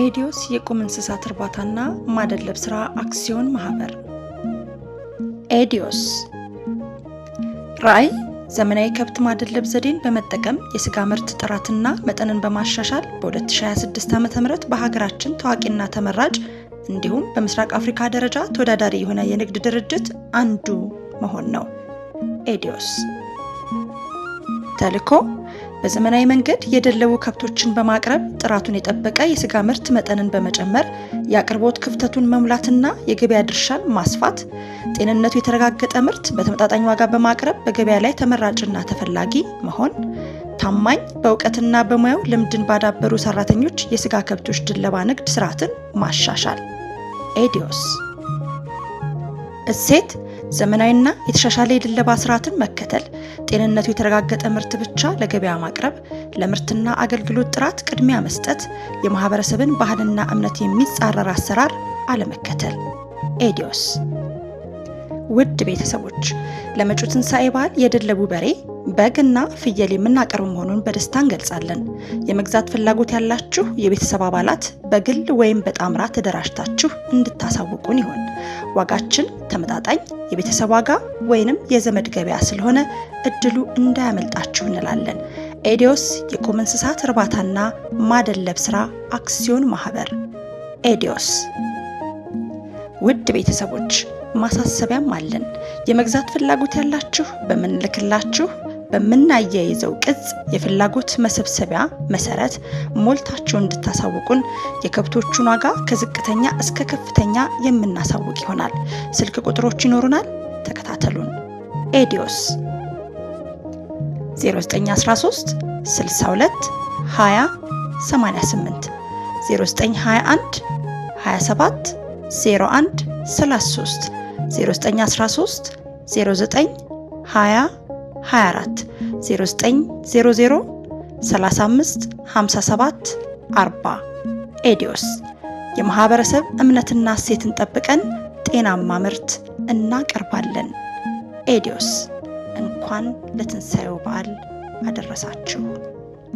ኤዲዮስ የቁም እንስሳት እርባታና ማደለብ ስራ አክሲዮን ማህበር። ኤዲዮስ ራዕይ ዘመናዊ ከብት ማደለብ ዘዴን በመጠቀም የስጋ ምርት ጥራትና መጠንን በማሻሻል በ2026 ም በሀገራችን ታዋቂና ተመራጭ እንዲሁም በምስራቅ አፍሪካ ደረጃ ተወዳዳሪ የሆነ የንግድ ድርጅት አንዱ መሆን ነው። ኤዲዮስ ተልኮ በዘመናዊ መንገድ የደለቡ ከብቶችን በማቅረብ ጥራቱን የጠበቀ የስጋ ምርት መጠንን በመጨመር የአቅርቦት ክፍተቱን መሙላትና የገበያ ድርሻን ማስፋት፣ ጤንነቱ የተረጋገጠ ምርት በተመጣጣኝ ዋጋ በማቅረብ በገበያ ላይ ተመራጭና ተፈላጊ መሆን፣ ታማኝ በእውቀትና በሙያው ልምድን ባዳበሩ ሰራተኞች የስጋ ከብቶች ድለባ ንግድ ስርዓትን ማሻሻል። ኤዲዮስ እሴት ዘመናዊና የተሻሻለ የድለባ ስርዓትን መከተል፣ ጤንነቱ የተረጋገጠ ምርት ብቻ ለገበያ ማቅረብ፣ ለምርትና አገልግሎት ጥራት ቅድሚያ መስጠት፣ የማህበረሰብን ባህልና እምነት የሚጻረር አሰራር አለመከተል። ኤዲዮስ ውድ ቤተሰቦች ለመጪው ትንሣኤ በዓል የደለቡ በሬ በግና ፍየል የምናቀርብ መሆኑን በደስታ እንገልጻለን። የመግዛት ፍላጎት ያላችሁ የቤተሰብ አባላት በግል ወይም በጣምራ ተደራጅታችሁ እንድታሳውቁን ይሆን። ዋጋችን ተመጣጣኝ የቤተሰብ ዋጋ ወይንም የዘመድ ገበያ ስለሆነ እድሉ እንዳያመልጣችሁ እንላለን። ኤዲዮስ የቁም እንስሳት እርባታና ማደለብ ስራ አክሲዮን ማህበር ኤዲዮስ። ውድ ቤተሰቦች ማሳሰቢያም አለን። የመግዛት ፍላጎት ያላችሁ በምንልክላችሁ በምናያይዘው ቅጽ የፍላጎት መሰብሰቢያ መሰረት ሞልታችሁ እንድታሳውቁን የከብቶቹን ዋጋ ከዝቅተኛ እስከ ከፍተኛ የምናሳውቅ ይሆናል። ስልክ ቁጥሮች ይኖሩናል። ተከታተሉን። ኤዲዮስ 0913 62 20 88 0921 27 01 33 0913 09 20 24 0900 35 57 40 ኤዲዮስ የማህበረሰብ እምነትና እሴትን ጠብቀን ጤናማ ምርት እናቀርባለን። ኤዲዮስ እንኳን ለትንሣኤው በዓል አደረሳችሁ።